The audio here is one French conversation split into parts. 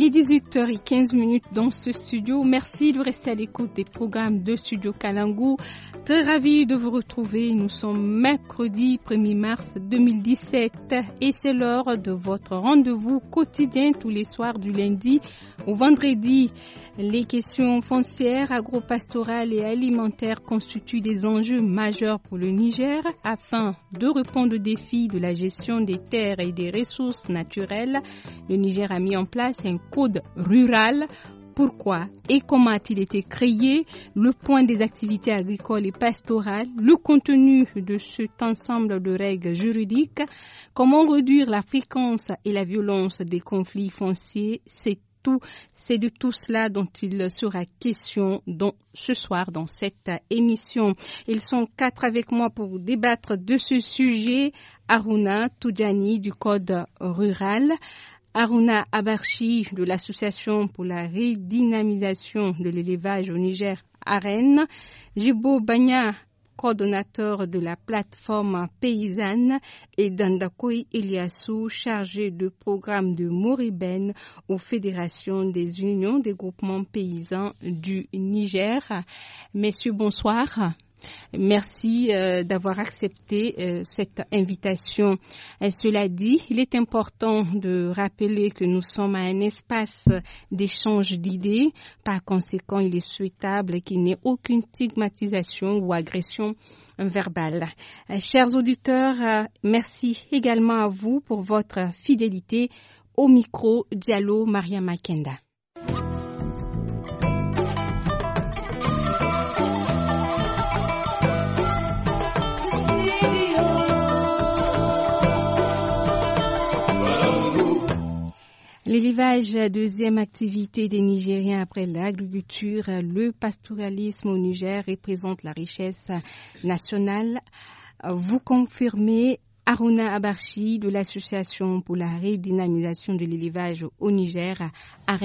Il est 18h15 dans ce studio. Merci de rester à l'écoute des programmes de Studio Kalangu. Très ravi de vous retrouver. Nous sommes mercredi 1er mars 2017 et c'est l'heure de votre rendez-vous quotidien tous les soirs du lundi au vendredi. Les questions foncières, agropastorales et alimentaires constituent des enjeux majeurs pour le Niger afin de répondre aux défis de la gestion des terres et des ressources naturelles. Le Niger a mis en place un code rural pourquoi et comment a-t-il été créé, le point des activités agricoles et pastorales, le contenu de cet ensemble de règles juridiques, comment réduire la fréquence et la violence des conflits fonciers, c'est tout, c'est de tout cela dont il sera question ce soir dans cette émission. Ils sont quatre avec moi pour débattre de ce sujet. Aruna Toudjani du Code rural, Aruna Abarchi de l'Association pour la redynamisation de l'élevage au Niger à Rennes, Jibo Banya, coordonnateur de la plateforme paysanne, et Dandakoy Eliassou, chargé de programme de Moribène aux fédérations des unions des groupements paysans du Niger. Messieurs, bonsoir. Merci euh, d'avoir accepté euh, cette invitation. Euh, cela dit, il est important de rappeler que nous sommes à un espace d'échange d'idées. Par conséquent, il est souhaitable qu'il n'y ait aucune stigmatisation ou agression verbale. chers auditeurs, merci également à vous pour votre fidélité. Au micro, Diallo Maria Makenda. L'élevage, deuxième activité des Nigériens après l'agriculture, le pastoralisme au Niger représente la richesse nationale. Vous confirmez Aruna Abarchi de l'Association pour la redynamisation de l'élevage au Niger à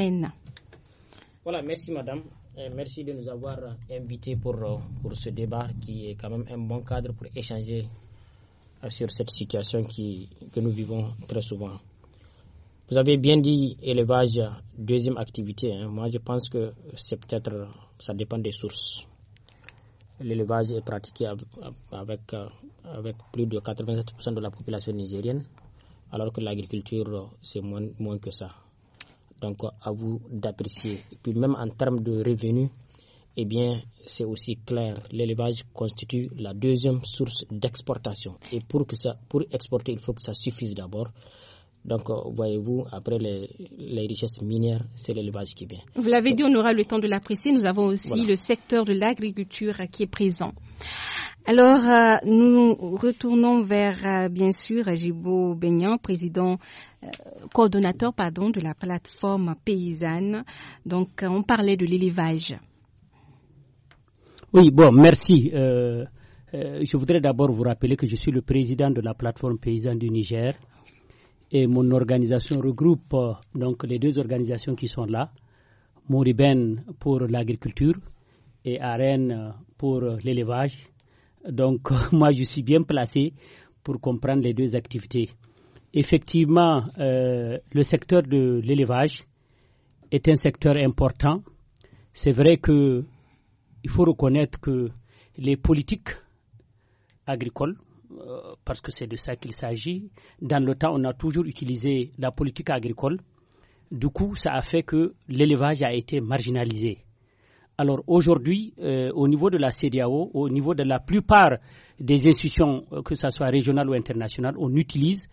Voilà, merci madame. merci de nous avoir invités euh, pour, ce débat qui est quand même un bon cadre pour échanger euh, sur cette situation que nous vivons très souvent. Vous avez bien dit élevage, deuxième activité. Hein. Moi, je pense que c'est peut-être, ça dépend des sources. L'élevage est pratiqué euh, avec, plus de 87% de la population nigérienne, alors que l'agriculture, euh, c'est moins, moins que ça. Donc, à vous d'apprécier. Et puis, même en termes de revenus, eh bien, c'est aussi clair. L'élevage constitue la deuxième source d'exportation. Et pour, que ça, pour exporter, il faut que ça suffise d'abord. Donc, voyez-vous, après les, richesses minières, c'est l'élevage qui vient. Vous l'avez dit, on aura le temps de l'apprécier. Nous avons aussi le secteur de l'agriculture qui est présent. Alors, euh, nous retournons vers, euh, bien sûr, Jibo Beignan, président, euh, coordonnateur, pardon, de la plateforme paysanne. Donc, on parlait de l'élevage. Oui, bon, merci. je voudrais d'abord vous rappeler que je suis le président de la plateforme paysanne du Niger et mon organisation regroupe euh, donc les deux organisations qui sont là, Mouriben pour l'agriculture et Arène euh, pour euh, l'élevage. Donc moi je suis bien placé pour comprendre les deux activités. Effectivement, le secteur de l'élevage est un secteur important. C'est vrai que il faut reconnaître que les politiques agricoles euh, parce que c'est de ça qu'il s'agit. Dans le temps, on a toujours utilisé la politique agricole. Du coup, ça a fait que l'élevage a été marginalisé. Alors aujourd'hui, euh, au niveau de la CDAO, au niveau de la plupart des institutions, euh, que ce soit régionales ou internationales, on utilise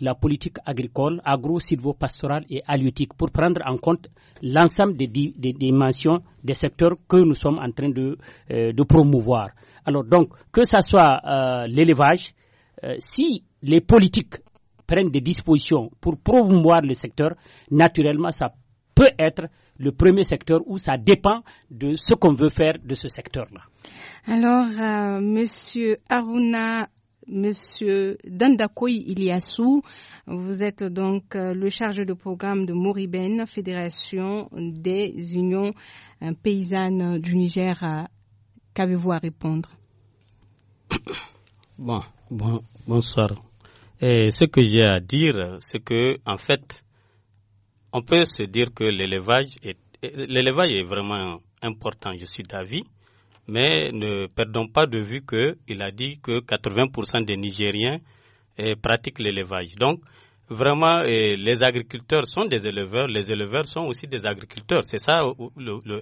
la politique agricole, agro sylvopastorale et halieutique pour prendre en compte l'ensemble des, dimensions des secteurs que nous sommes en train de, euh, promouvoir. Alors donc, que ce soit euh, l'élevage, euh, si les politiques prennent des dispositions pour promouvoir le secteur, naturellement, ça peut être le premier secteur où ça dépend de ce qu'on veut faire de ce secteur-là. Alors, Monsieur Aruna Monsieur Dandakoy Iliassou, vous êtes donc euh, le chargé de programme de Moriben, Fédération des unions euh, paysannes du Niger. Qu'avez-vous à répondre bon, bon, bonsoir. ce que j'ai à dire, c'est que, en fait, on peut se dire que l'élevage est, l'élevage est vraiment important, je suis d'avis. Mais ne perdons pas de vue qu'il a dit que 80% des Nigériens eh, pratiquent l'élevage. Donc, vraiment, eh, les agriculteurs sont des éleveurs, les éleveurs sont aussi des agriculteurs. C'est ça euh,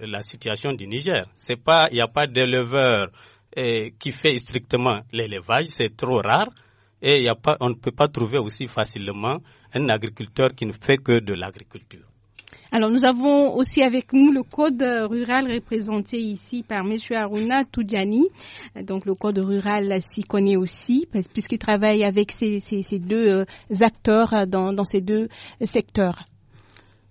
la situation du Niger. il n'y a pas d'éleveur eh, qui fait strictement l'élevage, c'est trop rare. Et a pas, on ne peut pas trouver aussi facilement un agriculteur qui ne fait que de l'agriculture. Alors, nous avons aussi avec nous le code rural représenté ici par M. Aruna Toudjani. Donc, le code rural s'y connaît aussi, puisqu'il travaille avec ces, deux euh, acteurs euh, dans, ces deux secteurs.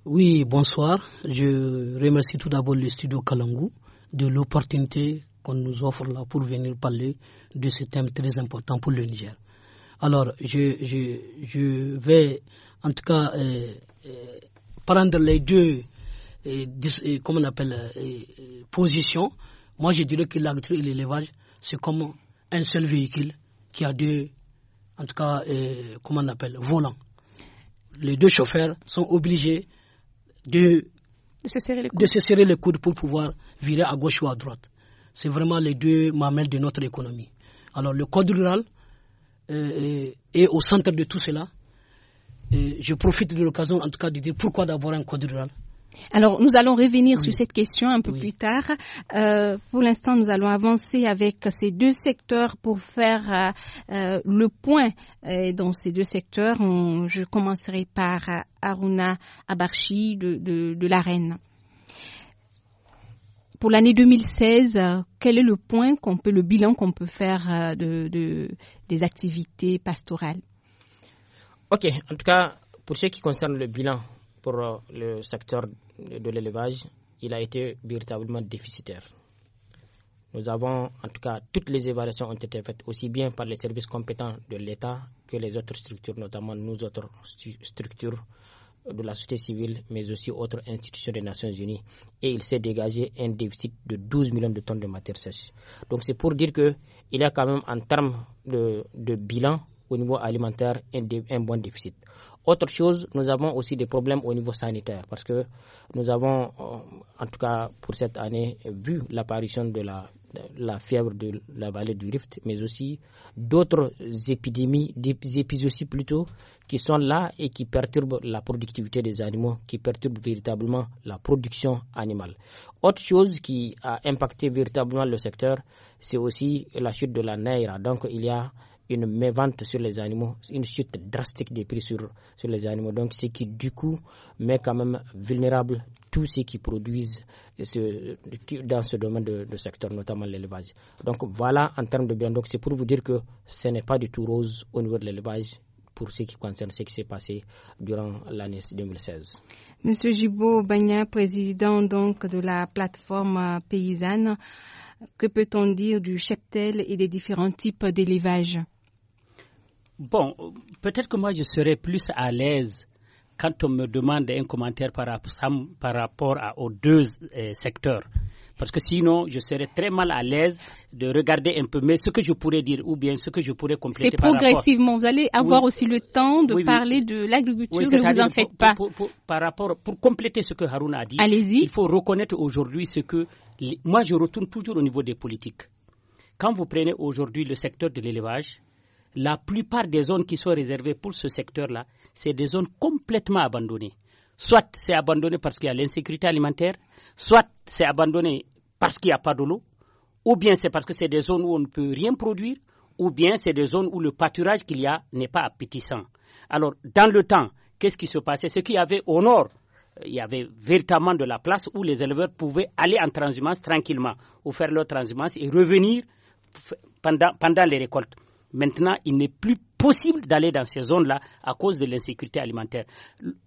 Oui, bonsoir. Je remercie tout d'abord le studio Kalangu de l'opportunité qu'on nous offre là pour venir parler de ce thème très important pour le Niger. Alors, je, vais en tout cas euh, prendre les deux, on appelle, euh, positions, moi je dirais que l'agriculture et l'élevage, c'est comme un seul véhicule qui a deux, en tout cas, euh, comment on appelle, volants. Les deux chauffeurs sont obligés de, de, se serrer les coudes. pour pouvoir virer à gauche ou à droite. C'est vraiment les deux mamelles de notre économie. Alors le code rural euh, est au centre de tout cela je profite de l'occasion en tout cas de dire pourquoi d'avoir un code rural. Alors, nous allons revenir sur cette question un peu plus tard. Euh, pour l'instant, nous allons avancer avec ces deux secteurs pour faire euh, euh, le point dans ces deux secteurs. je commencerai par Aruna Abarchi de, de, la Reine. Pour l'année 2016, quel est le point qu'on peut, le bilan qu'on peut faire des activités pastorales Ok, en tout cas, pour ce qui concerne le bilan pour euh, le secteur de, l'élevage, il a été véritablement déficitaire. Nous avons, en tout cas, toutes les évaluations ont été faites aussi bien par les services compétents de l'État que les autres structures, notamment nous autres structures de la société civile, mais aussi autres institutions des Nations Unies. Et il s'est dégagé un déficit de 12 millions de tonnes de matière sèche. Donc c'est pour dire qu'il y a quand même, en termes de bilan, au niveau alimentaire un, bon déficit. Autre chose, nous avons aussi des problèmes au niveau sanitaire parce que nous avons, euh, en tout cas pour cette année, vu l'apparition de la, fièvre de la vallée du Rift, mais aussi d'autres épidémies, des épisodes plutôt, qui sont là et qui perturbent la productivité des animaux, qui perturbent véritablement la production animale. Autre chose qui a impacté véritablement le secteur, c'est aussi la chute de la Naira. Donc il y a une mévente sur les animaux, une chute drastique des prix sur, les animaux. Donc, ce qui, du coup, met quand même vulnérable tous ceux qui produisent dans ce domaine de, secteur, notamment l'élevage. Donc, voilà en termes de bien. Donc, c'est pour vous dire que ce n'est pas du tout rose au niveau de l'élevage pour ce qui concerne ce qui s'est passé durant l'année 2016. Monsieur Gibault Bagna, président donc de la plateforme euh, paysanne, que peut-on dire du cheptel et des différents types d'élevage Bon, peut-être que moi je serais plus à l'aise quand on me demande un commentaire par, rapport à, aux deux euh, secteurs. Parce que sinon, je serais très mal à l'aise de regarder un peu mais ce que je pourrais dire ou bien ce que je pourrais compléter. C'est progressivement. progressivement, Vous allez avoir aussi le temps de parler de l'agriculture. vous en faites pas. par rapport, pour compléter ce que Haroun a dit, il faut reconnaître aujourd'hui ce que. Moi, je retourne toujours au niveau des politiques. Quand vous prenez aujourd'hui le secteur de l'élevage, la plupart des zones qui sont réservées pour ce secteur-là, c'est des zones complètement abandonnées. Soit c'est abandonné parce qu'il y a l'insécurité alimentaire, soit c'est abandonné parce qu'il n'y a pas de l'eau, ou bien c'est parce que c'est des zones où on ne peut rien produire, ou bien c'est des zones où le pâturage qu'il y a n'est pas appétissant. Alors, dans le temps, qu'est-ce qui se passait Ce qu'il y avait au nord, euh, il y avait véritablement de la place où les éleveurs pouvaient aller en transhumance tranquillement, ou faire leur transhumance et revenir pendant les récoltes. Maintenant, il n'est plus possible d'aller dans ces zones-là à cause de l'insécurité alimentaire.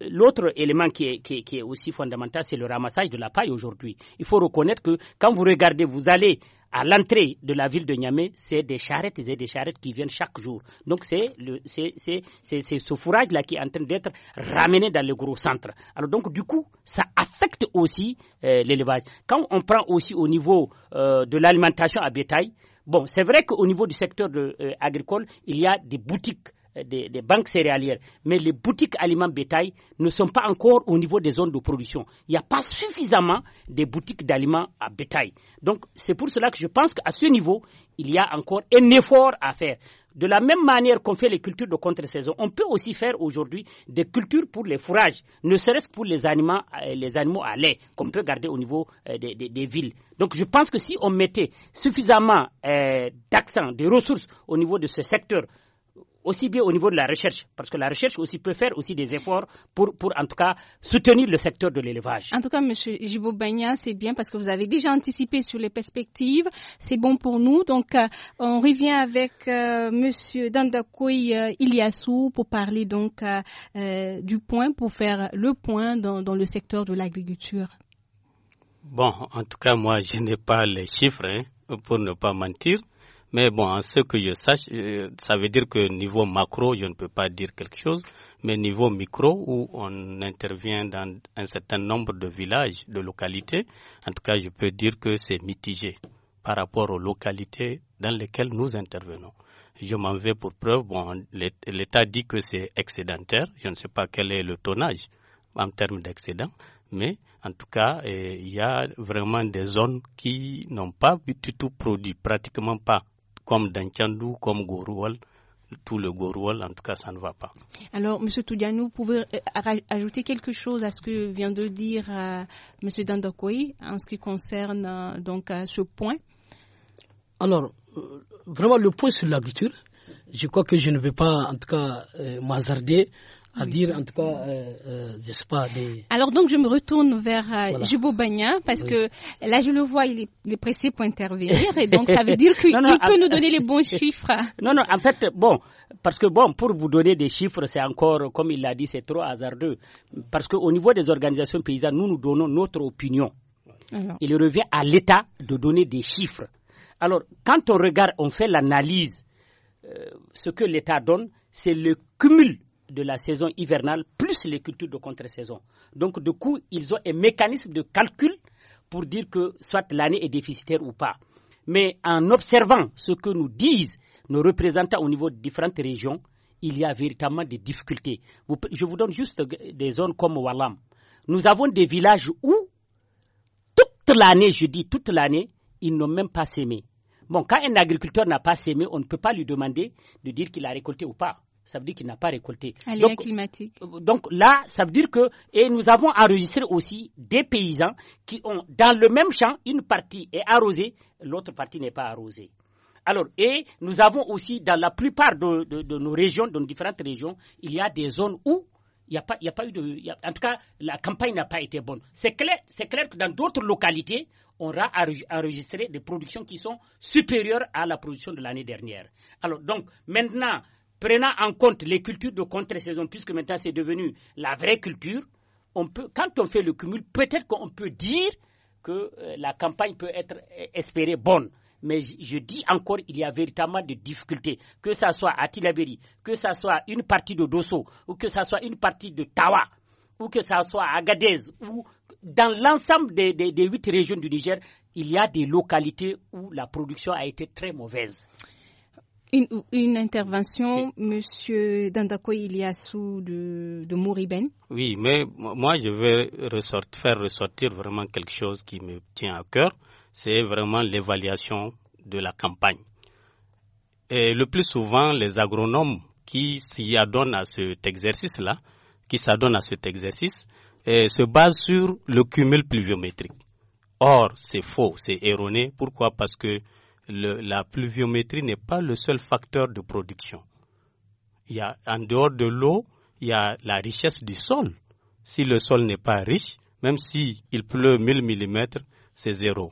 L'autre élément qui est, aussi fondamental, c'est le ramassage de la paille aujourd'hui. Il faut reconnaître que quand vous regardez, vous allez à l'entrée de la ville de Niamey, c'est des charrettes et des charrettes qui viennent chaque jour. Donc c'est ce fourrage-là qui est en train d'être ramené dans le gros centre. Alors donc du coup, ça affecte aussi euh, l'élevage. Quand on prend aussi au niveau euh, de l'alimentation à bétail, Bon, c'est vrai qu'au niveau du secteur euh, agricole, il y a des boutiques euh, des, banques céréalières, mais les boutiques aliments bétail ne sont pas encore au niveau des zones de production. Il n'y a pas suffisamment de boutiques d'aliments à bétail. Donc c'est pour cela que je pense qu'à ce niveau, il y a encore un effort à faire. De la même manière qu'on fait les cultures de contre-saison, on peut aussi faire aujourd'hui des cultures pour les fourrages, ne serait-ce que pour les animaux, euh, à lait qu'on peut garder au niveau euh, des, villes. Donc je pense que si on mettait suffisamment d'accent, de ressources au niveau de ce secteur, aussi bien au niveau de la recherche, parce que la recherche aussi peut faire aussi des efforts pour, en tout cas soutenir le secteur de l'élevage. En tout cas, M. Jibo c'est bien parce que vous avez déjà anticipé sur les perspectives. C'est bon pour nous. Donc, euh, on revient avec euh, M. Dandakoui euh, Iliassou pour parler donc du point, pour faire le point dans, le secteur de l'agriculture. Bon, en tout cas, moi, je n'ai pas les chiffres hein, pour ne pas mentir. Mais bon, en ce que je sache, euh, ça veut dire que niveau macro, je ne peux pas dire quelque chose, mais niveau micro, où on intervient dans un certain nombre de villages, de localités, en tout cas, je peux dire que c'est mitigé par rapport aux localités dans lesquelles nous intervenons. Je m'en vais pour preuve, bon, l'État dit que c'est excédentaire, je ne sais pas quel est le tonnage en termes d'excédent, mais en tout cas, euh, il y a vraiment des zones qui n'ont pas du tout produit, pratiquement pas comme Danchandou, comme Goroual, tout le Goroual, en tout cas, ça ne va pas. Alors, M. Toudianou, vous pouvez euh, ajouter quelque chose à ce que vient de dire euh, M. Dandokoui en ce qui concerne euh, donc ce point Alors, vraiment, le point sur l'agriculture, je crois que je ne vais pas, en tout cas, m'hazarder à dire en tout cas, euh, euh sais pas. Alors donc je me retourne vers euh, Jubo parce que là je le vois, il est, pressé pour intervenir et donc ça veut dire qu'il peut nous donner les bons chiffres. Non, non, en fait, bon, parce que bon, pour vous donner des chiffres, c'est encore, comme il l'a dit, c'est trop hasardeux. Parce qu'au niveau des organisations paysannes, nous nous donnons notre opinion. Il revient à l'État de donner des chiffres. Alors, quand on regarde, on fait l'analyse, euh, ce que l'État donne, c'est le cumul de la saison hivernale plus les cultures de contre-saison. Donc, du coup, ils ont un mécanisme de calcul pour dire que soit l'année est déficitaire ou pas. Mais en observant ce que nous disent nos représentants au niveau de différentes régions, il y a véritablement des difficultés. je vous donne juste des zones comme Wallam. Nous avons des villages où, toute l'année, je dis toute l'année, ils n'ont même pas sémé. Bon, quand un agriculteur n'a pas sémé, on ne peut pas lui demander de dire qu'il a récolté ou pas ça veut dire qu'il n'a pas récolté. donc, climatique. Euh, donc là, ça veut dire que et nous avons enregistré aussi des paysans qui ont dans le même champ une partie est arrosée, l'autre partie n'est pas arrosée. Alors, et nous avons aussi dans la plupart de, nos régions, dans différentes régions, il y a des zones où il n'y a, a, pas eu de. en tout cas, la campagne n'a pas été bonne. C'est clair, clair que dans d'autres localités, on aura enregistré des productions qui sont supérieures à la production de l'année dernière. Alors, donc, maintenant, prenant en compte les cultures de contre-saison, puisque maintenant c'est devenu la vraie culture, on peut, quand on fait le cumul, peut-être qu'on peut dire que euh, la campagne peut être euh, espérée bonne. Mais je dis encore, il y a véritablement des difficultés, que ce soit à Tilaberi, que ce soit une partie de Dosso, ou que ce soit une partie de Tawa, ou que ce soit à Agadez, ou dans l'ensemble des huit régions du Niger, il y a des localités où la production a été très mauvaise une, intervention, M. Monsieur Dandako Iliassou de, Mouriben. Oui, mais moi je vais faire ressortir vraiment quelque chose qui me tient à cœur, c'est vraiment l'évaluation de la campagne. Et le plus souvent, les agronomes qui s'y adonnent à cet exercice-là, qui s'adonnent à cet exercice, eh, se basent sur le cumul pluviométrique. Or, c'est faux, c'est erroné. Pourquoi Parce que la pluviométrie n'est pas le seul facteur de production. Il y a, en dehors de l'eau, il y a la richesse du sol. Si le sol n'est pas riche, même s'il il pleut 1000 mm, c'est zéro.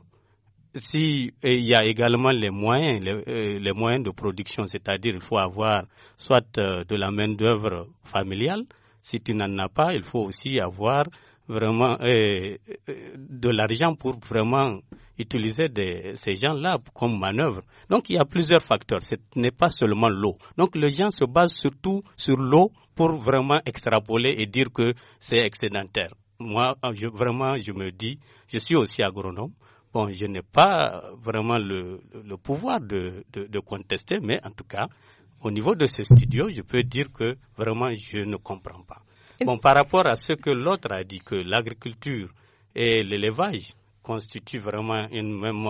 il y a également les moyens, euh, les moyens de production, c'est-à-dire il faut avoir soit euh, de la main-d'œuvre familiale, si tu n'en as pas, il faut aussi avoir vraiment euh, euh, de l'argent pour vraiment utiliser ces gens-là comme manœuvre. Donc il y a plusieurs facteurs, ce n'est pas seulement l'eau. Donc les gens se basent surtout sur l'eau pour vraiment extrapoler et dire que c'est excédentaire. Moi, vraiment, je me dis, je suis aussi agronome. Bon, je n'ai pas vraiment le, pouvoir de, de, de contester, mais en tout cas, au niveau de ce studio, je peux dire que vraiment, je ne comprends pas. Bon, par rapport à ce que l'autre a dit, que l'agriculture et l'élevage constituent vraiment une même,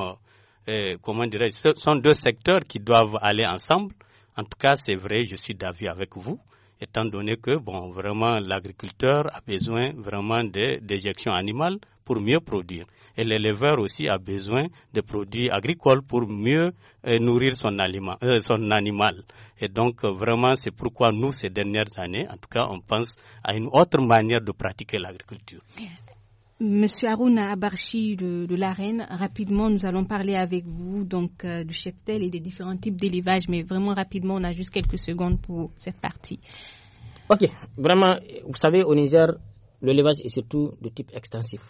euh, comment dirais ce sont deux secteurs qui doivent aller ensemble. En tout cas, c'est vrai, je suis d'avis avec vous, étant donné que, bon, vraiment, l'agriculteur a besoin vraiment des déjections animales pour mieux produire. Et l'éleveur aussi a besoin de produits agricoles pour mieux euh, nourrir son, euh, son animal. Et donc, euh, vraiment, c'est pourquoi nous, ces dernières années, en tout cas, on pense à une autre manière de pratiquer l'agriculture. Monsieur Aruna Abarchi de, de l'Arène, rapidement, nous allons parler avec vous donc du cheptel et des différents types d'élevage, mais vraiment rapidement, on a juste quelques secondes pour cette partie. Ok, vraiment, vous savez, au Niger, l'élevage est surtout de type extensif.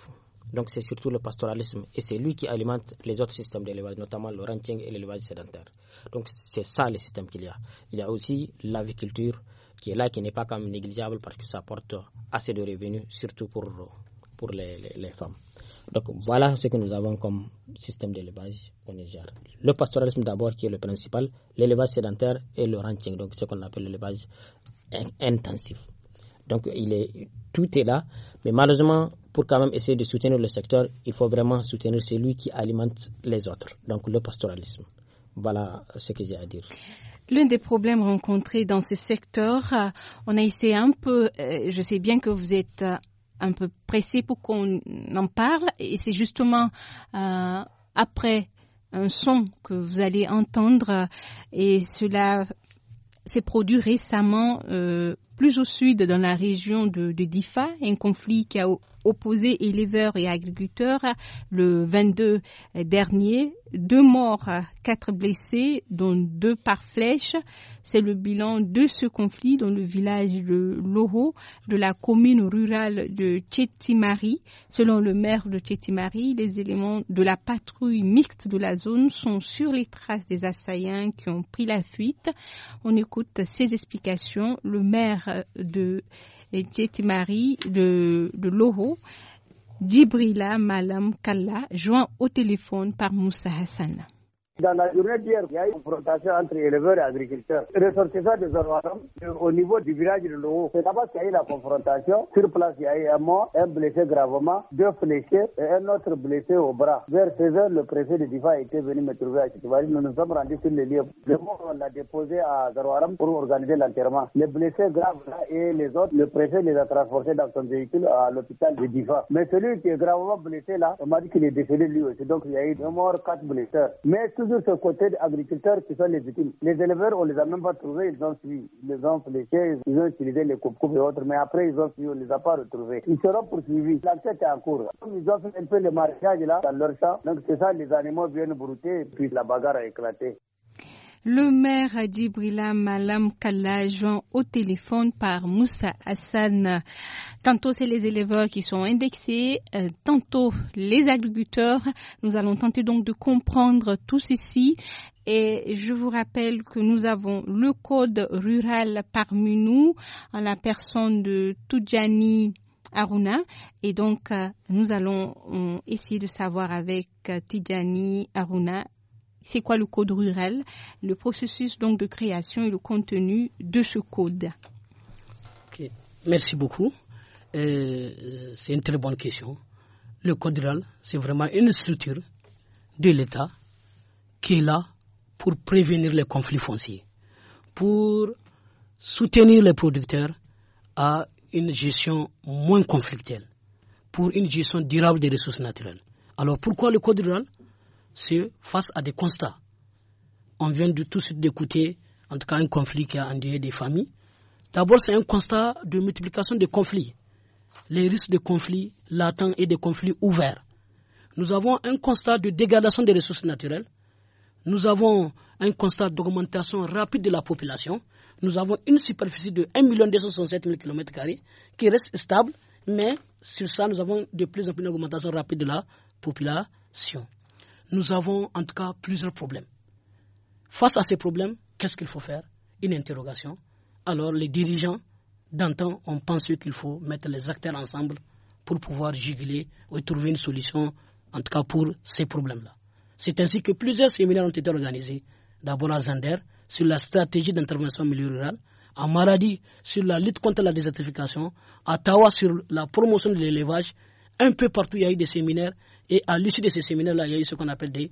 Donc c'est surtout le pastoralisme et c'est lui qui alimente les autres systèmes d'élevage, notamment le ranching et l'élevage sédentaire. Donc c'est ça le système qu'il y a. Il y a aussi l'aviculture qui est là, qui n'est pas comme négligeable parce que ça apporte assez de revenus, surtout pour, pour les, les, femmes. Donc voilà ce que nous avons comme système d'élevage au Niger. Le pastoralisme d'abord qui est le principal, l'élevage sédentaire et le ranching, donc ce qu'on appelle l'élevage intensif. Donc il est, tout est là, mais malheureusement pour quand même essayer de soutenir le secteur, il faut vraiment soutenir celui qui alimente les autres, donc le pastoralisme. Voilà ce que j'ai à dire. L'un des problèmes rencontrés dans ce secteur, euh, on a essayé un peu, euh, je sais bien que vous êtes euh, un peu pressé pour qu'on en parle, et c'est justement après un son que vous allez entendre, et cela s'est produit récemment plus au sud, dans la région de, de Difa, un conflit qui a opposé éleveurs et agriculteurs le 22 dernier. Deux morts, quatre blessés, dont deux par flèche. C'est le bilan de ce conflit dans le village de Loro, de la commune rurale de Tchétimari. Selon le maire de Tchétimari, les éléments de la patrouille mixte de la zone sont sur les traces des assaillants qui ont pris la fuite. On écoute ses explications. Le maire de Tieti de, de Loho, d'Ibrila Malam Kalla, joint au téléphone par Moussa Hassan. Dans la journée d'hier, il y a eu une confrontation entre éleveurs et agriculteurs. Ressortissant de Orwaram, au niveau du village de Lou, c'est là qu'il y a eu la confrontation. Sur place, il y a eu un mort, un blessé gravement, deux fléchés et un autre blessé au bras. Vers 16 heures, le e, préfet de Difa était venu me trouver à Chitouari. Nous nous sommes rendus sur les lieux. Le mort, on l'a déposé à Zarwaram pour organiser l'enterrement. Les blessés graves là et les autres, le préfet les a transportés dans son véhicule à l'hôpital de Diva. Mais celui qui est gravement blessé là, on m'a dit qu'il est décédé lui aussi. Donc il y a eu deux morts, quatre blessés. Mais toujours ce côté agriculteur qui sont les victimes. Les éleveurs, on les a même pas trouvés, ils ont suivi. Ils les chaises, ils ont utilisé les coupes-coupes et autres, mais après ils ont suivi, les a pas retrouvés. Ils seront poursuivis. L'enquête est en cours. Ils ont fait un peu le mariage là, dans leur champ. Donc c'est ça, les animaux viennent brouter, puis la bagarre a éclaté. Le maire d'Ibrila Malam Kalla joint au téléphone par Moussa Hassan. Tantôt c'est les éleveurs qui sont indexés, euh, tantôt les agriculteurs. Nous allons tenter donc de comprendre tout ceci et je vous rappelle que nous avons le code rural parmi nous, en la personne de Tidjani Aruna. Et donc, euh, nous allons euh, essayer de savoir avec Tidjani Aruna c'est quoi le code rural, le processus donc de création et le contenu de ce code. Merci beaucoup. Euh, c'est une très bonne question. Le code rural, c'est vraiment une structure de l'État qui est là pour prévenir les conflits fonciers, pour soutenir les producteurs à une gestion moins conflictuelle, pour une gestion durable des ressources naturelles. Alors pourquoi le code rural c'est face à des constats. On vient de tout de suite d'écouter, en tout cas, un conflit qui a enduré des familles. D'abord, c'est un constat de multiplication des conflits, les risques de conflits latents et des conflits ouverts. Nous avons un constat de dégradation des ressources naturelles. Nous avons un constat d'augmentation rapide de la population. Nous avons une superficie de 1 267 000 km qui reste stable, mais sur ça, nous avons de plus en plus d'augmentation rapide de la population nous avons en tout cas plusieurs problèmes. Face à ces problèmes, qu'est-ce qu'il faut faire Une interrogation. Alors les dirigeants d'antan ont pensé qu'il faut mettre les acteurs ensemble pour pouvoir juguler ou trouver une solution, en tout cas pour ces problèmes-là. C'est ainsi que plusieurs séminaires ont été organisés, d'abord à Zander sur la stratégie d'intervention au milieu rural, à Maradi sur la lutte contre la désertification, à Tawa sur la promotion de l'élevage. Un peu partout, il y a eu des séminaires et à l'issue de ces séminaires-là, il y a eu ce qu'on appelle des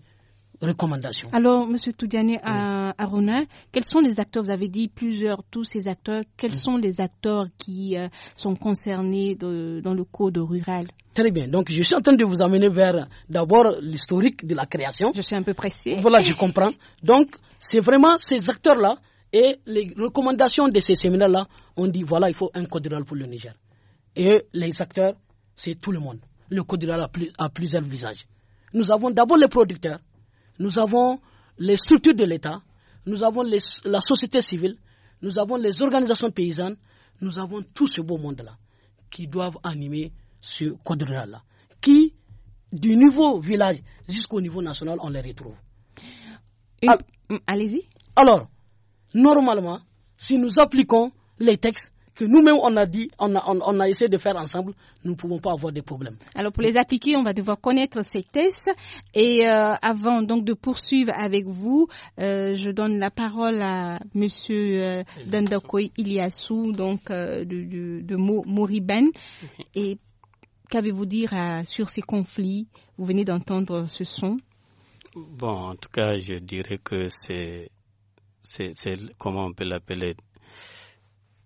recommandations. Alors, M. Toudiane à Arona, quels sont les acteurs Vous avez dit plusieurs, tous ces acteurs. Quels mm. sont les acteurs qui euh, sont concernés dans le code rural Très bien. Donc, je suis en train de vous amener vers d'abord l'historique de la création. Je suis un peu pressé. Voilà, je comprends. Donc, c'est vraiment ces acteurs-là et les recommandations de ces séminaires-là. On dit voilà, il faut un code rural pour le Niger. Et les acteurs, c'est tout le monde le Côte d'Ivoire a, plusieurs visages. Nous avons d'abord les producteurs, nous avons les structures de l'État, nous avons la société civile, nous avons les organisations paysannes, nous avons tout ce beau monde-là qui doivent animer ce Côte d'Ivoire-là, qui, du niveau village jusqu'au niveau national, on les retrouve. Ah. Allez-y. Alors, normalement, si nous appliquons les textes, que nous-mêmes on a dit, on a, on, a, essayé de faire ensemble, nous ne pouvons pas avoir des problèmes. Alors pour les appliquer, on va devoir connaître ces tests. Et euh, avant donc de poursuivre avec vous, euh, je donne la parole à Monsieur euh, Dandakoy Iliassou, donc de, de, de Moriben. Et qu'avez-vous dire sur ces conflits Vous venez d'entendre ce son. Bon, en tout cas, je dirais que c'est, c'est, comment on peut l'appeler,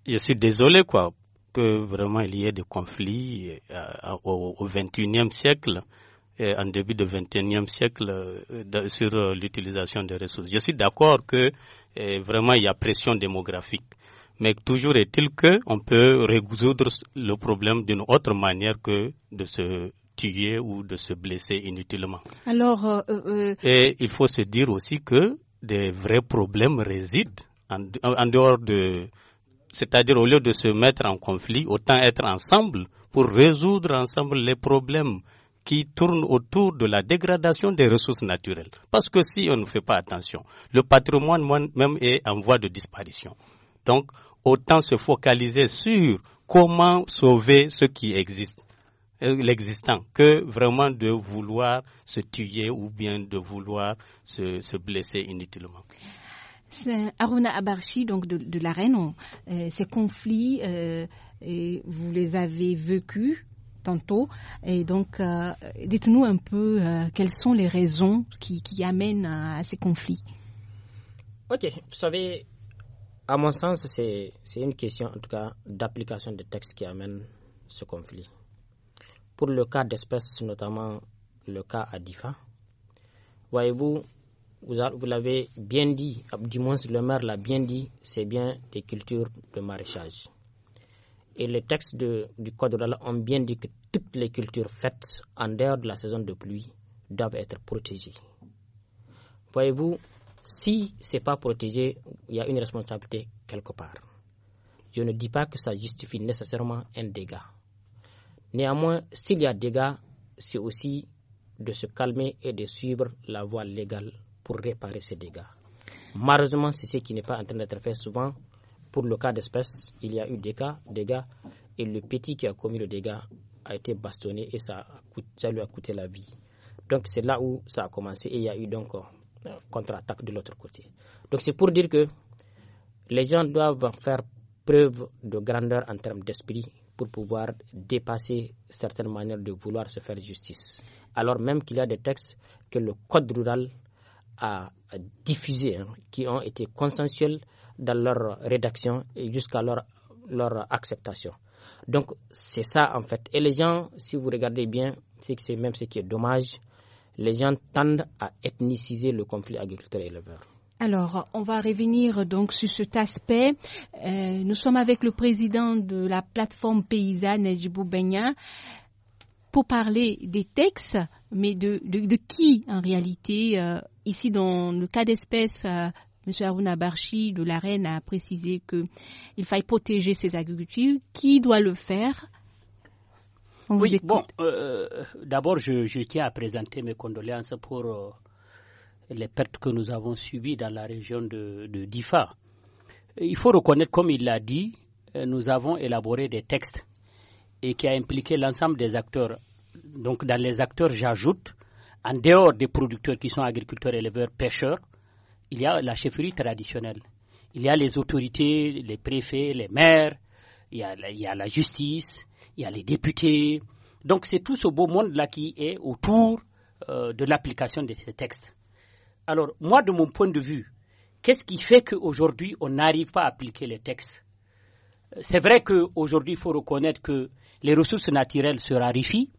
je suis désolé, quoi, que vraiment il y ait des conflits euh, au, 21e siècle. en début du 21e siècle euh, sur euh, l'utilisation des ressources. Je suis d'accord que vraiment il y a pression démographique, mais toujours est-il qu'on peut résoudre le problème d'une autre manière que de se tuer ou de se blesser inutilement. Alors, Et il faut se dire aussi que des vrais problèmes résident en dehors de, c'est-à-dire au lieu de se mettre en conflit, autant être ensemble pour résoudre ensemble les problèmes qui tournent autour de la dégradation des ressources naturelles. Parce que si on ne fait pas attention, le patrimoine même est en voie de disparition. Donc, autant se focaliser sur comment sauver ce qui existe, euh, l'existant, que vraiment de vouloir se tuer ou bien de vouloir se, blesser inutilement. Aruna Abarchi, donc de, la Reine, euh, ces conflits, euh, vous les avez vécus tantôt. Et donc, euh, dites-nous un peu quelles sont les raisons qui, amènent à, ces conflits. Ok, vous savez, à mon sens, c'est une question, en tout cas, d'application des textes qui amène ce conflit. Pour le cas d'espèces, notamment le cas Adifa, voyez-vous, vous, l'avez bien dit, du moins le maire l'a bien dit, c'est bien des cultures de maraîchage. Et les textes du Code de rural ont bien dit que toutes les cultures faites en dehors de la saison de pluie doivent être protégées. Voyez-vous, si ce n'est pas protégé, il y a une responsabilité quelque part. Je ne dis pas que ça justifie nécessairement un dégât. Néanmoins, s'il y a dégât, c'est aussi de se calmer et de suivre la voie légale pour réparer ces dégâts. Malheureusement, c'est ce qui n'est pas en train d'être fait souvent. Pour le cas d'espèce, il y a eu des cas, dégâts, et le petit qui a commis le dégât a été bastonné et ça, lui a coûté la vie. Donc c'est là où ça a commencé et il y a eu donc euh, contre-attaque de l'autre côté. Donc c'est pour dire que les gens doivent faire preuve de grandeur en termes d'esprit pour pouvoir dépasser certaines manières de vouloir se faire justice. Alors même qu'il y a des textes que le code rural à diffuser, hein, qui ont été consensuels dans leur rédaction et jusqu'à leur, leur acceptation. Donc c'est ça en fait. Et les gens, si vous regardez bien, c'est que c'est même ce qui est dommage, les gens tendent à ethniciser le conflit agriculteur-éleveur. Alors, on va revenir donc sur cet aspect. Euh, nous sommes avec le président de la plateforme paysanne, Djibou Benya, pour parler des textes, mais de, de, qui en réalité euh, ici, dans le cas d'espèce, euh, M. Aruna Barchi de la Reine a précisé qu'il faille protéger ces agricultures. Qui doit le faire Oui, bon, euh, d'abord, je, tiens à présenter mes condoléances pour euh, les pertes que nous avons subies dans la région de, de Difa. Il faut reconnaître, comme il l'a dit, nous avons élaboré des textes et qui a impliqué l'ensemble des acteurs. Donc, dans les acteurs, j'ajoute en dehors des producteurs qui sont agriculteurs, éleveurs, pêcheurs, il y a la chefferie traditionnelle. Il y a les autorités, les préfets, les maires, il y a, la justice, il y a les députés. Donc c'est tout ce beau monde-là qui est autour euh, de l'application de ces textes. Alors moi, de mon point de vue, qu'est-ce qui fait qu'aujourd'hui on n'arrive pas à appliquer les textes C'est vrai qu'aujourd'hui il faut reconnaître que les ressources naturelles se raréfient,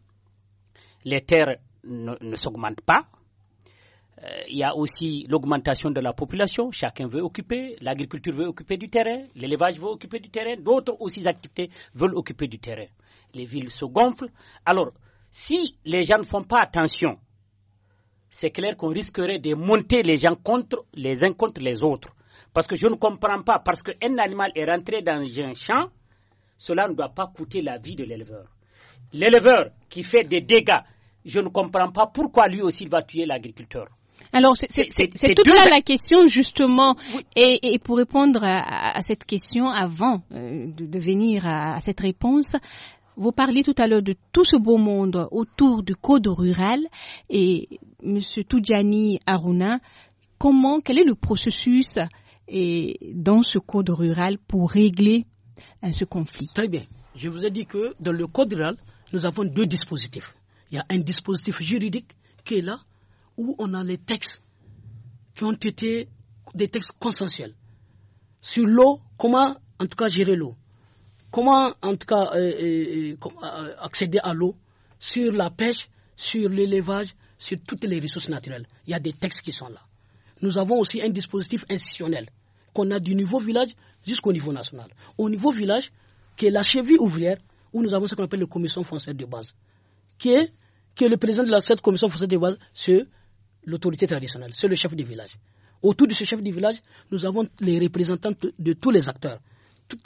les terres ne, ne s'augmente pas. Euh, il y a aussi l'augmentation de la population. Chacun veut occuper, l'agriculture veut occuper du terrain, l'élevage veut occuper du terrain, d'autres aussi activités veulent occuper du terrain. Les villes se gonflent. Alors, si les gens ne font pas attention, c'est clair qu'on risquerait de monter les gens contre les uns contre les autres. Parce que je ne comprends pas, parce qu'un animal est rentré dans un champ, cela ne doit pas coûter la vie de l'éleveur. L'éleveur qui fait des dégâts je ne comprends pas pourquoi lui aussi va tuer l'agriculteur. Alors, c'est toute là la question, justement. Et, pour répondre à, cette question, avant euh, de, venir à, cette réponse, vous parliez tout à l'heure de tout ce beau monde autour du code rural. Et M. Toudjani Aruna, comment, quel est le processus dans ce code rural pour régler hein, ce conflit Très bien. Je vous ai dit que dans le code rural, nous avons deux dispositifs. Il y a un dispositif juridique qui est là, où on a les textes qui ont été des textes consensuels. Sur l'eau, comment en tout cas gérer l'eau Comment en tout cas euh, euh, euh, accéder à l'eau Sur la pêche, sur l'élevage, sur toutes les ressources naturelles. Il y a des textes qui sont là. Nous avons aussi un dispositif institutionnel qu'on a du niveau village jusqu'au niveau national. Au niveau village, qui est la cheville ouvrière, où nous avons ce qu'on appelle la commission foncière de base, qui est que le président de la, cette commission française des c'est l'autorité traditionnelle, c'est le chef du village. Autour de ce chef du village, nous avons les représentants de tous les acteurs.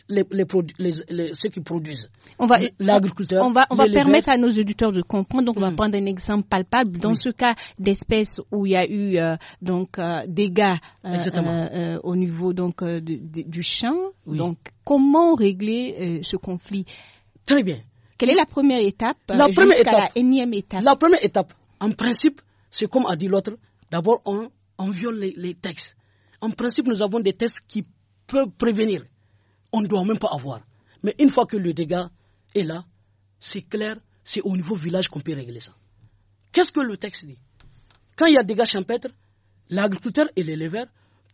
ceux qui produisent. On va, l'agriculteur. On va, permettre à nos auditeurs de comprendre. Donc, on va mm. prendre un exemple palpable. Dans mm. ce cas d'espèce où il y a eu euh, donc des euh, dégâts euh, au niveau donc du champ. Donc, comment régler ce conflit Très bien. Quelle est la première étape La euh, première étape. La énième étape. La première étape, en principe, c'est comme a dit l'autre, d'abord on, viole les, textes. En principe, nous avons des textes qui peuvent prévenir. On ne doit même pas avoir. Mais une fois que le dégât est là, c'est clair, c'est au niveau village qu'on peut régler ça. Qu'est-ce que le texte dit Quand il y a dégâts champêtres, l'agriculteur et l'éleveur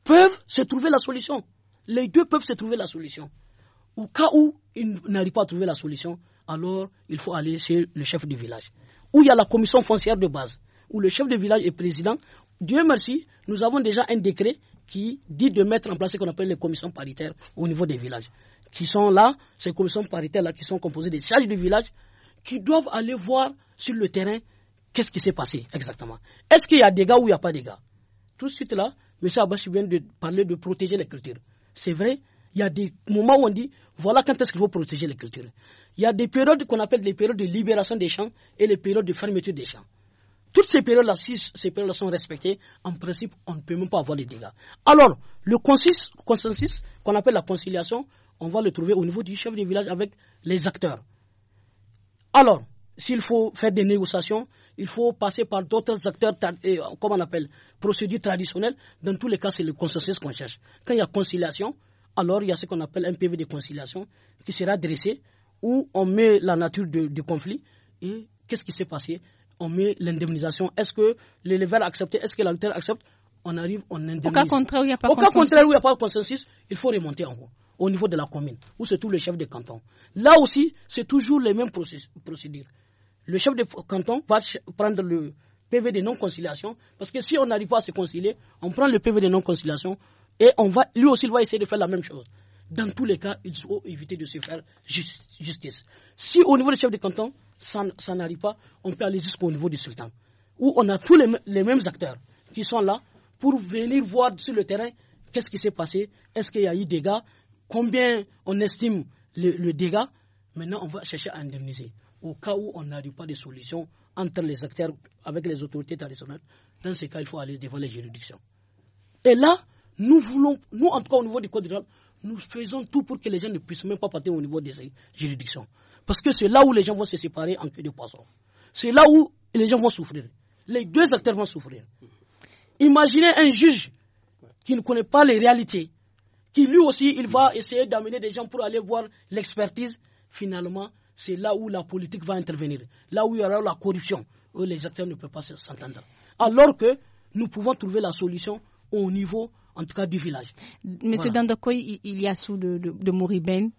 peuvent se trouver la solution. Les deux peuvent se trouver la solution. Au cas où ils n'arrivent pas à trouver la solution, alors il faut aller chez le chef du village. Où il y a la commission foncière de base, où le chef du village est président. Dieu merci, nous avons déjà un décret qui dit de mettre en place ce qu'on appelle les commissions paritaires au niveau des villages. Qui sont là, ces commissions paritaires-là qui sont composées des sages du village, qui doivent aller voir sur le terrain qu'est-ce qui s'est passé exactement. Est-ce qu'il y a des gars ou il n'y a pas des gars Tout de suite là, M. Abbas vient de parler de protéger les cultures. C'est vrai, il y a des moments où on dit voilà quand est-ce qu'il faut protéger les cultures. Il y a des périodes qu'on appelle les périodes de libération des champs et les périodes de fermeture des champs. Toutes ces périodes-là, si ces périodes-là sont respectées, en principe, on ne peut même pas avoir les dégâts. Alors, le consensus qu'on appelle la conciliation, on va le trouver au niveau du chef du village avec les acteurs. Alors, s'il faut faire des négociations, il faut passer par d'autres acteurs, euh, comme on appelle, procédures traditionnelles. Dans tous les cas, c'est le consensus qu'on cherche. Quand il y a conciliation, alors il y a ce qu'on appelle un PV de conciliation qui sera dressé où on met la nature du conflit et qu'est-ce qui s'est passé. On met l'indemnisation. Est-ce que l'éleveur accepte Est-ce que l'alter accepte On arrive, on indemnise. Au cas contraire où il n'y a pas de consensus. il a pas consensus, il faut remonter en haut, au niveau de la commune, où c'est tout le chef de canton. Là aussi, c'est toujours les mêmes procédures. Le chef de canton va prendre le PV de non-conciliation, parce que si on n'arrive pas à se concilier, on prend le PV de non-conciliation, et on va, lui aussi, il va essayer de faire la même chose. Dans tous les cas, il faut éviter de se faire justice. Si au niveau du chef de canton, ça, n'arrive pas, on peut aller jusqu'au niveau du sultan, où on a tous les, mêmes acteurs qui sont là pour venir voir sur le terrain qu'est-ce qui s'est passé, est-ce qu'il y a eu des dégâts, combien on estime le, dégât. Maintenant, on va chercher à indemniser. Au cas où on n'arrive pas de solution entre les acteurs, avec les autorités traditionnelles, dans ces cas, il faut aller devant les juridictions. Et là, nous voulons, nous en tout cas au niveau du Code rural, nous faisons tout pour que les gens ne puissent même pas partir au niveau des juridictions. Parce que c'est là où les gens vont se séparer en queue de poisson. C'est là où les gens vont souffrir. Les deux acteurs vont souffrir. Imaginez un juge qui ne connaît pas les réalités, qui lui aussi, il va essayer d'amener des gens pour aller voir l'expertise. Finalement, c'est là où la politique va intervenir, là où il y aura la corruption, où les acteurs ne peuvent pas s'entendre. Alors que nous pouvons trouver la solution au niveau en tout cas du village. Monsieur voilà. il y a sous de, de, Moribène,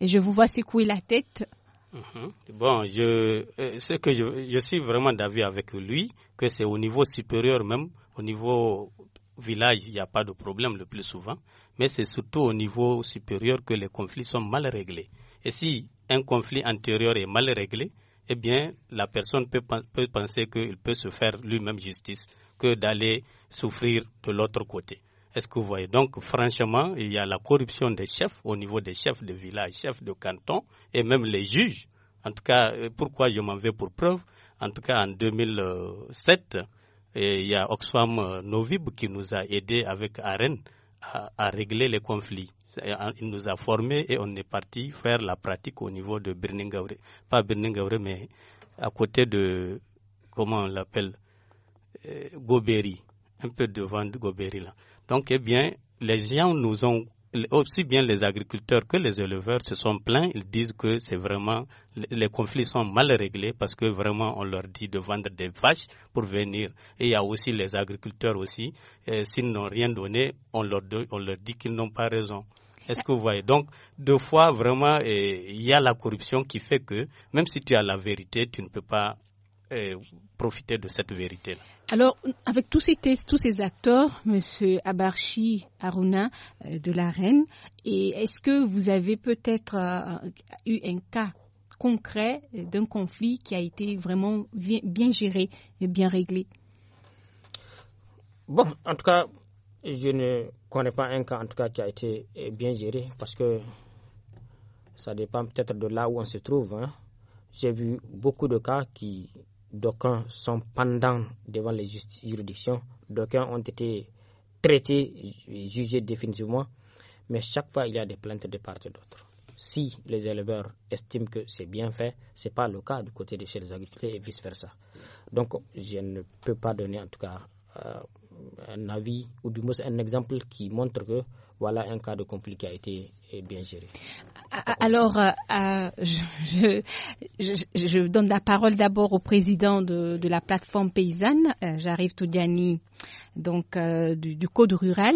et je vous vois secouer la tête. Mhm. Bon, je, euh, que je, suis vraiment d'avis avec lui, que c'est au niveau supérieur même, au niveau village, il n'y a pas de problème le plus souvent, mais c'est surtout au niveau supérieur que les conflits sont mal réglés. Et si un conflit antérieur est mal réglé, eh bien, la personne peut, peut penser qu'il peut se faire lui-même justice que d'aller souffrir de l'autre côté. Est-ce que vous voyez Donc, franchement, il y a la corruption des chefs au niveau des chefs de village, chefs de canton et même les juges. En tout cas, euh, pourquoi je m'en vais pour preuve En tout cas, en 2007, euh, il y a Oxfam euh, Novib qui nous a aidés avec AREN à, régler les conflits. Il nous a formés et on est parti faire la pratique au niveau de Birningaure. Pas Birningaure, mais à côté de, comment on l'appelle, Goberi, un peu devant Goberi là. Donc, eh bien, les gens nous ont, aussi bien les agriculteurs que les éleveurs se sont plaints. Ils disent que c'est vraiment, les conflits sont mal réglés parce que vraiment on leur dit de vendre des vaches pour venir. Et il y a aussi les agriculteurs aussi. Eh, s'ils n'ont rien donné, on leur, on leur dit qu'ils n'ont pas raison. Est-ce que vous voyez Donc, deux fois, vraiment, eh, il y a la corruption qui fait que, même si tu as la vérité, tu ne peux pas euh, profiter de cette vérité Alors, avec tous ces tous ces acteurs, M. Abarchi Aruna euh, de la Reine, est-ce que vous avez peut-être euh, eu un cas concret d'un conflit qui a été vraiment bien, géré et bien réglé Bon, en tout cas, je ne connais pas un cas en tout cas qui a été bien géré parce que ça dépend peut-être de là où on se trouve. Hein. J'ai vu beaucoup de cas qui d'aucuns sont pendants devant les juridictions, d'aucuns ont été traités, jugés définitivement, mais chaque fois il y a des plaintes de part et d'autre. Si les éleveurs estiment que c'est bien fait, ce n'est pas le cas du côté des chez les agriculteurs et vice-versa. Donc je ne peux pas donner en tout cas euh, un avis ou du moins un exemple qui montre que voilà un cas de conflit qui a été eh, bien géré. Ah, ah, alors, euh, euh, je, donne la parole d'abord au président de, la plateforme paysanne, euh, J'arrive Toudiani, donc du, Code rural.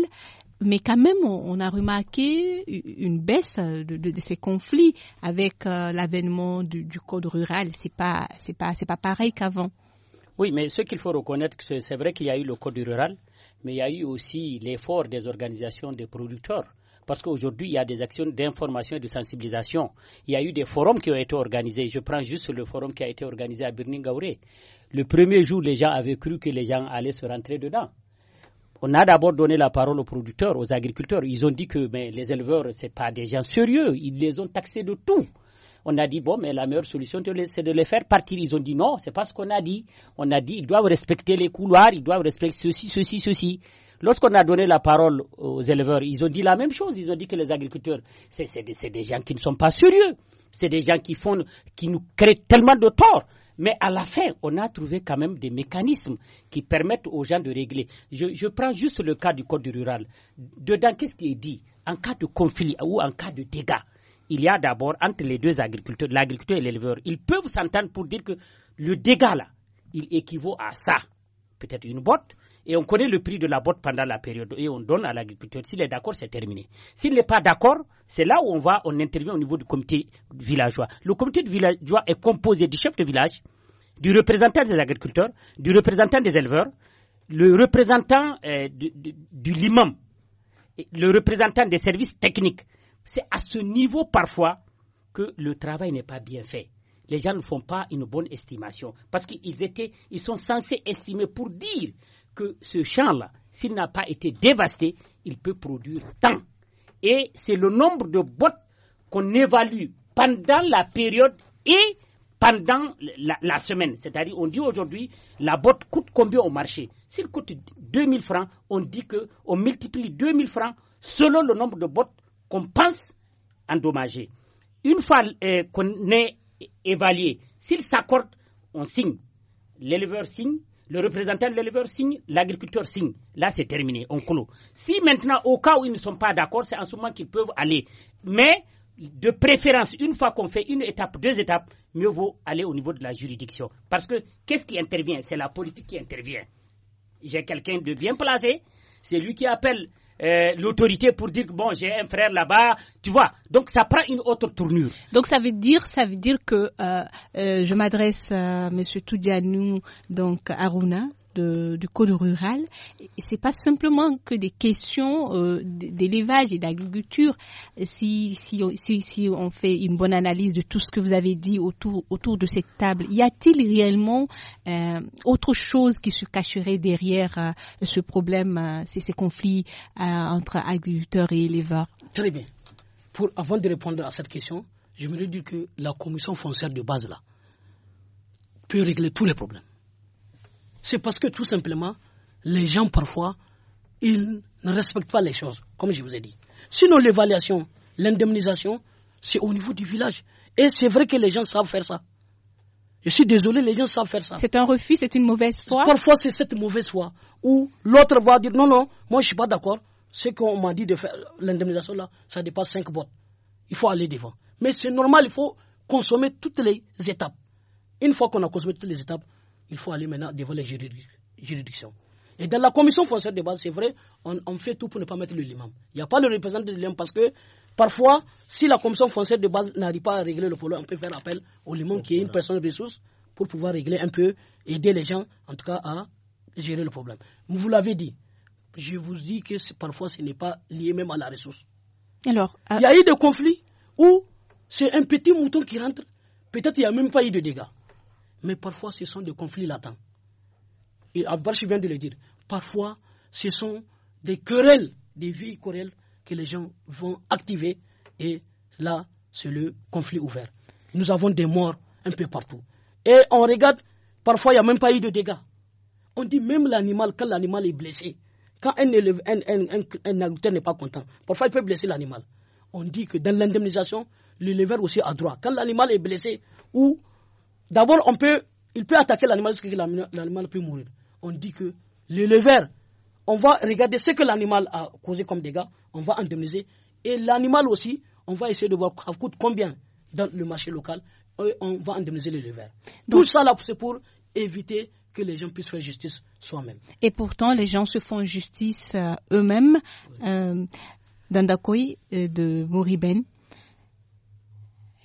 Mais quand même, on, a remarqué une baisse de, ces conflits avec l'avènement du, Code rural. C'est pas, pas, pas pareil qu'avant. Oui, mais ce qu'il faut reconnaître, c'est vrai qu'il y a eu le Code rural, mais il y a eu aussi l'effort des organisations des producteurs. Parce qu'aujourd'hui, il y a des actions d'information et de sensibilisation. Il y a eu des forums qui ont été organisés. Je prends juste le forum qui a été organisé à Birningaouré. Le premier jour, les gens avaient cru que les gens allaient se rentrer dedans. On a d'abord donné la parole aux producteurs, aux agriculteurs. Ils ont dit que les éleveurs, ce pas des gens sérieux. Ils les ont taxés de tout. On a dit, bon, mais la meilleure solution, c'est de les faire partir. Ils ont dit, non, c'est pas ce qu'on a dit. On a dit, ils doivent respecter les couloirs, ils doivent respecter ceci, ceci, ceci. Lorsqu'on a donné la parole aux éleveurs, ils ont dit la même chose. Ils ont dit que les agriculteurs, c'est des, des gens qui ne sont pas sérieux. C'est des gens qui font, qui nous créent tellement de tort. Mais à la fin, on a trouvé quand même des mécanismes qui permettent aux gens de régler. Je, je prends juste le cas du code rural. Dedans, qu'est-ce qui est dit En cas de conflit ou en cas de dégâts, il y a d'abord entre les deux agriculteurs, l'agriculteur et l'éleveur, ils peuvent s'entendre pour dire que le dégât là, il équivaut à ça. Peut-être une botte, et on connaît le prix de la botte pendant la période et on donne à l'agriculteur. S'il est d'accord, c'est terminé. S'il n'est pas d'accord, c'est là où on va, on intervient au niveau du comité villageois. Le comité villageois est composé du chef de village, du représentant des agriculteurs, du représentant des éleveurs, le représentant euh, du, limon, le représentant des services techniques. C'est à ce niveau parfois que le travail n'est pas bien fait. Les gens ne font pas une bonne estimation parce qu'ils étaient, ils sont censés estimer pour dire que ce champ-là, s'il n'a pas été dévasté, il peut produire tant. Et c'est le nombre de bottes qu'on évalue pendant la période et pendant la, semaine. C'est-à-dire, on dit aujourd'hui, la botte coûte combien au marché S'il coûte 2000 francs, on dit qu'on multiplie 2000 francs selon le nombre de bottes qu'on pense endommagé. Une fois euh, qu'on est évalué, s'il s'accorde, on signe. L'éleveur signe, le représentant de l'éleveur signe, l'agriculteur signe. Là, c'est terminé, on clôt. Si maintenant, au cas où ils ne sont pas d'accord, c'est en ce moment qu'ils peuvent aller. Mais de préférence, une fois qu'on fait une étape, deux étapes, mieux vaut aller au niveau de la juridiction. Parce que qu'est-ce qui intervient C'est la politique qui intervient. J'ai quelqu'un de bien placé, c'est lui qui appelle euh, l'autorité pour dire que bon, j'ai un frère là-bas, tu vois. Donc ça prend une autre tournure. Donc ça veut dire, ça veut dire que euh, euh, je m'adresse à M. Toudianou, donc Aruna, du code rural, ce n'est pas simplement que des questions euh, d'élevage et d'agriculture. Si, si, on fait une bonne analyse de tout ce que vous avez dit autour, autour de cette table, y a-t-il réellement euh, autre chose qui se cacherait derrière euh, ce problème, ces, ces conflits entre agriculteurs et éleveurs Très bien. Pour, avant de répondre à cette question, je me dire que la commission foncière de base là peut régler tous les problèmes c'est parce que tout simplement, les gens parfois, ils ne respectent pas les choses, comme je vous ai dit. Sinon, l'évaluation, l'indemnisation, c'est au niveau du village. Et c'est vrai que les gens savent faire ça. Je suis désolé, les gens savent faire ça. C'est un refus, c'est une mauvaise foi. Parfois, c'est cette mauvaise foi où l'autre va dire non, non, moi je suis pas d'accord. Ce qu'on m'a dit de faire, l'indemnisation là, ça dépasse 5 bottes. Il faut aller devant. Mais c'est normal, il faut consommer toutes les étapes. Une fois qu'on a consommé toutes les étapes, il faut aller maintenant devant les juridictions. Et dans la commission française de base, c'est vrai, on, fait tout pour ne pas mettre le liman. Il n'y a pas le représentant de l'imam parce que parfois, si la commission française de base n'arrive pas à régler le problème, on peut faire appel au l'imam qui est une personne de ressources pour pouvoir régler un peu, aider les gens, en tout cas, à gérer le problème. Vous l'avez dit, je vous dis que parfois ce n'est pas lié même à la ressource. Alors, euh Il y a eu des conflits où c'est un petit mouton qui rentre, peut-être il n'y a même pas eu de dégâts mais parfois ce sont des conflits latents. Et je vient de le dire. Parfois, ce sont des querelles, des vieilles querelles que les gens vont activer et là, c'est le conflit ouvert. Nous avons des morts un peu partout. Et on regarde, parfois, il n'y a même pas eu de dégâts. On dit même l'animal, quand l'animal est blessé, quand un, élève, agriculteur n'est pas content, parfois il peut blesser l'animal. On dit que dans l'indemnisation, l'éleveur aussi a droit. Quand l'animal est blessé ou D'abord, on peut, il peut attaquer l'animal jusqu'à ce que l'animal peut mourir. On dit que l'éleveur, on va regarder ce que l'animal a causé comme dégâts, on va indemniser. Et l'animal aussi, on va essayer de voir ça coûte combien dans le marché local, on va indemniser l'éleveur. Tout ça, là, c'est pour éviter que les gens puissent faire justice soi-même. Et pourtant, les gens se font justice euh, eux-mêmes. Oui. Euh, euh de Moriben,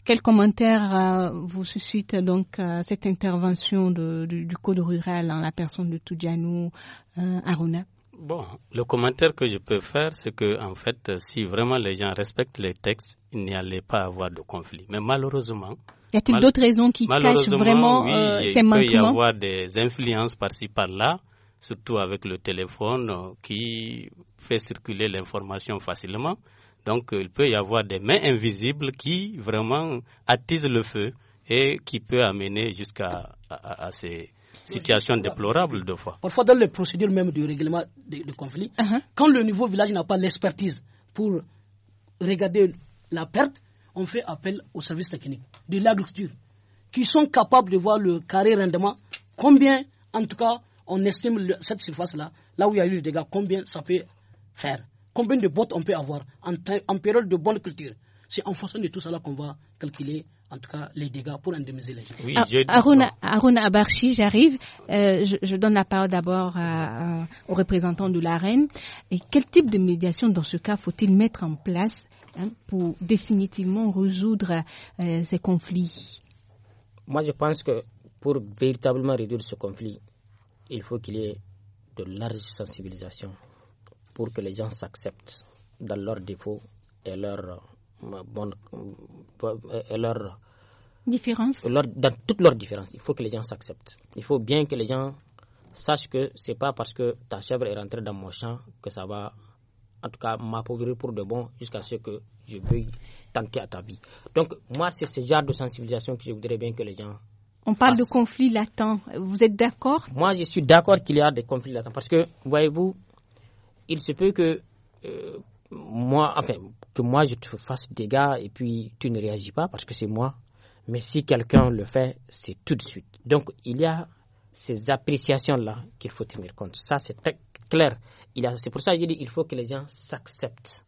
quel commentaire euh, vous suscite donc euh, cette intervention du, Code rural en la personne de Toudjanou euh, Aruna Bon, le commentaire que je peux faire, c'est que, en fait, si vraiment les gens respectent les textes, il n'y allait pas avoir de conflit. Mais malheureusement. Y a il d'autres raisons qui cachent vraiment ces manquements Il peut y avoir des influences par-ci par-là, surtout avec le téléphone qui fait circuler l'information facilement. Donc euh, il peut y avoir des mains invisibles qui vraiment attisent le feu et qui peut amener jusqu'à à, ces situations déplorables de fois. Parfois dans les procédures même du règlement de, conflit, uh-huh. quand le nouveau village n'a pas l'expertise pour regarder la perte, on fait appel aux services techniques de l'agriculture qui sont capables de voir le carré rendement, combien en tout cas on estime cette surface-là, là où il y a eu le dégât, combien ça peut faire combien de bottes on peut avoir en, période de bonne culture. C'est en fonction de tout cela qu'on va calculer en tout cas les dégâts pour indemniser les gens. Ah, Aruna, Abarchi, j'arrive. Euh, je, donne la parole d'abord aux représentants de l'AREN. Et quel type de médiation dans ce cas faut-il mettre en place hein, pour définitivement résoudre euh, ces conflits Moi, je pense que pour véritablement réduire ce conflit, il faut qu'il y ait de larges sensibilisations pour que les gens s'acceptent dans leurs défauts et leurs euh, bonne euh, et leur différences. dans toutes leurs différences, il faut que les gens s'acceptent. Il faut bien que les gens sachent que c'est pas parce que ta chèvre est rentrée dans mon champ que ça va en tout cas m'appauvrir pour de bon jusqu'à ce que je veuille tenter à ta vie. Donc moi c'est ce genre de sensibilisation que je voudrais bien que les gens on parle de conflits latents. Vous êtes d'accord Moi, je suis d'accord qu'il y a des conflits latents parce que, voyez-vous, il se peut que euh, moi, enfin, que moi je te fasse des gars et puis tu ne réagis pas parce que c'est moi. Mais si quelqu'un le fait, c'est tout de suite. Donc il y a ces appréciations-là qu'il faut tenir compte. Ça, c'est très clair. C'est pour ça que je dis il faut que les gens s'acceptent.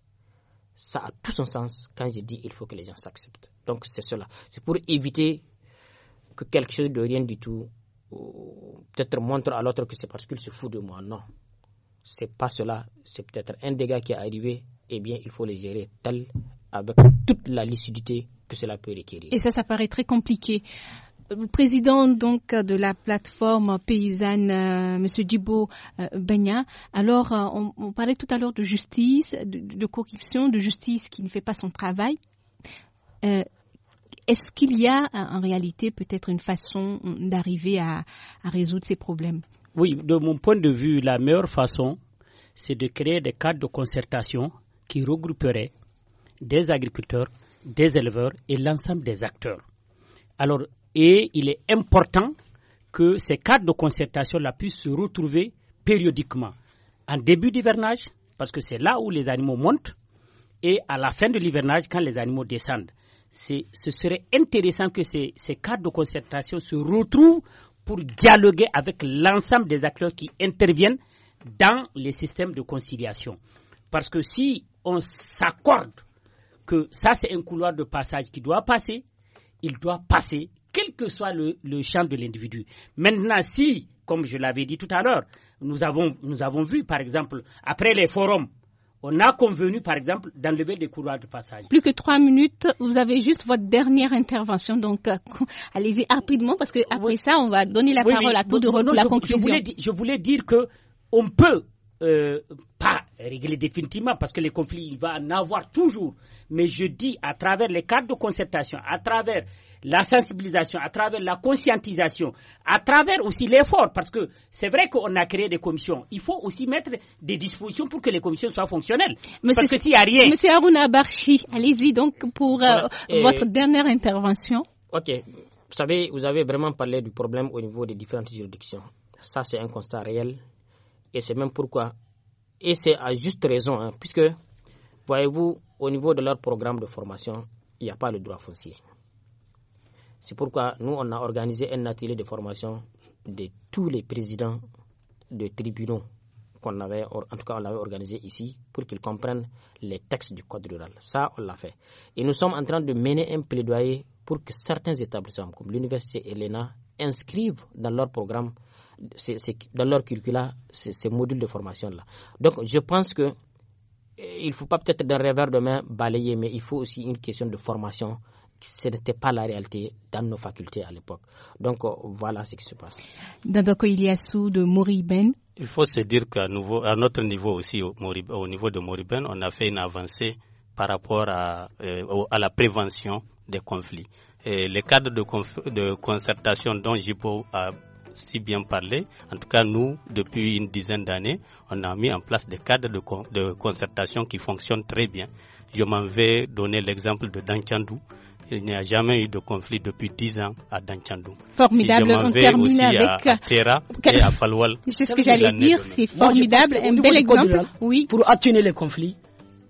Ça a tout son sens quand je dis il faut que les gens s'acceptent. Donc c'est cela. C'est pour éviter que quelque chose de rien du tout peut-être montre à l'autre que c'est parce qu'il se fout de moi. Non, c'est pas cela, c'est peut-être un dégât qui est arrivé, eh bien, il faut les gérer tel avec toute la lucidité que cela peut requérir. Et ça, ça paraît très compliqué. Le euh, président donc de la plateforme paysanne, euh, M. Djibo euh, Alors, on, parlait tout à l'heure de justice, de, corruption, de justice qui ne fait pas son travail. Est-ce qu'il y a en réalité peut-être une façon d'arriver à résoudre ces problèmes oui, de mon point de vue, la meilleure façon, c'est de créer des cadres de concertation qui regrouperaient des agriculteurs, des éleveurs et l'ensemble des acteurs. Alors, et il est important que ces cadres de concertation puissent se retrouver périodiquement. En début d'hivernage, parce que c'est là où les animaux montent, et à la fin de l'hivernage, quand les animaux descendent. Ce serait intéressant que ces cadres de concertation se retrouvent pour dialoguer avec l'ensemble des acteurs qui interviennent dans les systèmes de conciliation. Parce que si on s'accorde que ça c'est un couloir de passage qui doit passer, il doit passer, quel que soit le, champ de l'individu. Maintenant, si, comme je l'avais dit tout à l'heure, nous avons, nous avons vu, par exemple, après les forums on a convenu, par exemple, d'enlever des couloirs de passage. Plus que trois minutes, vous avez juste votre dernière intervention, donc euh, allez-y rapidement, parce que ça, on va donner la parole à tout de pour la conclusion. Je voulais, dire que on peut, euh, régler définitivement parce que les conflits, il va en avoir toujours. Mais je dis, à travers les cadres de concertation, à travers la sensibilisation, à travers la conscientisation, à travers aussi l'effort, parce que c'est vrai qu'on a créé des commissions. Il faut aussi mettre des dispositions pour que les commissions soient fonctionnelles. Monsieur, parce que s'il a rien. Monsieur Aruna Barchi, allez-y donc pour euh, votre dernière intervention. Ok. Vous savez, vous avez vraiment parlé du problème au niveau des différentes juridictions. Ça, c'est un constat réel. Et c'est même pourquoi et c'est à juste raison, hein, puisque, voyez-vous, au niveau de leur programme de formation, il n'y a pas le droit foncier. C'est pourquoi nous, on a organisé un atelier de formation de tous les présidents de tribunaux qu'on avait, en tout cas, on l'avait organisé ici pour qu'ils comprennent les textes du Code rural. Ça, on l'a fait. Et nous sommes en train de mener un plaidoyer pour que certains établissements, comme l'Université Elena, inscrivent dans leur programme dans leur curricula, ces modules de formation-là. Donc, je pense que eh, il ne faut pas peut-être d'un revers de main balayer, mais il faut aussi une question de formation. Ce n'était pas la réalité dans nos facultés à l'époque. Donc euh, voilà ce qui se passe. a sous de Moriben. Il faut se dire qu'à à notre niveau aussi, au, niveau de Moriben, on a fait une avancée par rapport à, euh, la prévention des conflits. les cadres de, de concertation dont Jipo a si bien parlé. En tout cas, nous, depuis une dizaine d'années, on a mis en place des cadres de, concertation qui fonctionnent très bien. Je m'en vais donner l'exemple de Danchandou. Il n'y a jamais eu de conflit depuis dix ans à Danchandou. Formidable, m'en vais aussi à, et à Palwal. C'est ce que j'allais dire, c'est formidable, un bel exemple. oui. Pour atténuer les conflits,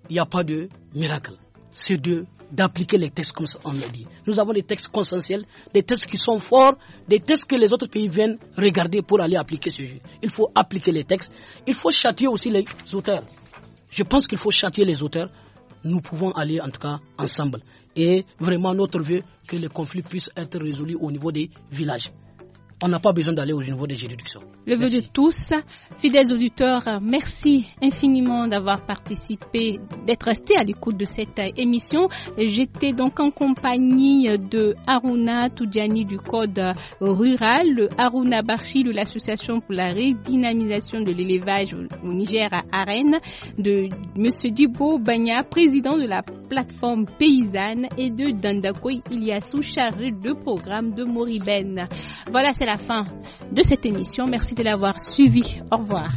il n'y a pas de miracle. C'est de d'appliquer les textes comme on l'a dit. Nous avons des textes consensuels, des textes qui sont forts, des textes que les autres pays viennent regarder pour aller appliquer ce jeu. Il faut appliquer les textes. Il faut châtier aussi les auteurs. Je pense qu'il faut châtier les auteurs. Nous pouvons aller en tout cas ensemble. Et vraiment notre vœu que le conflit puisse être résolu au niveau des villages on n'a pas besoin d'aller au niveau des juridictions. Le vœu de tous, fidèles auditeurs, merci infiniment d'avoir participé, d'être resté à l'écoute de cette émission. J'étais donc en compagnie de Aruna Toudjani du Code rural, Aruna Barchi de l'Association pour la redynamisation de l'élevage au Niger à Arène, de Monsieur Dibo Bagna, président de la plateforme paysanne, et de Dandakoy Iliassou, chargé de programme de Moribène. Voilà, c'est la fin de cette émission. Merci de l'avoir suivi. Au revoir.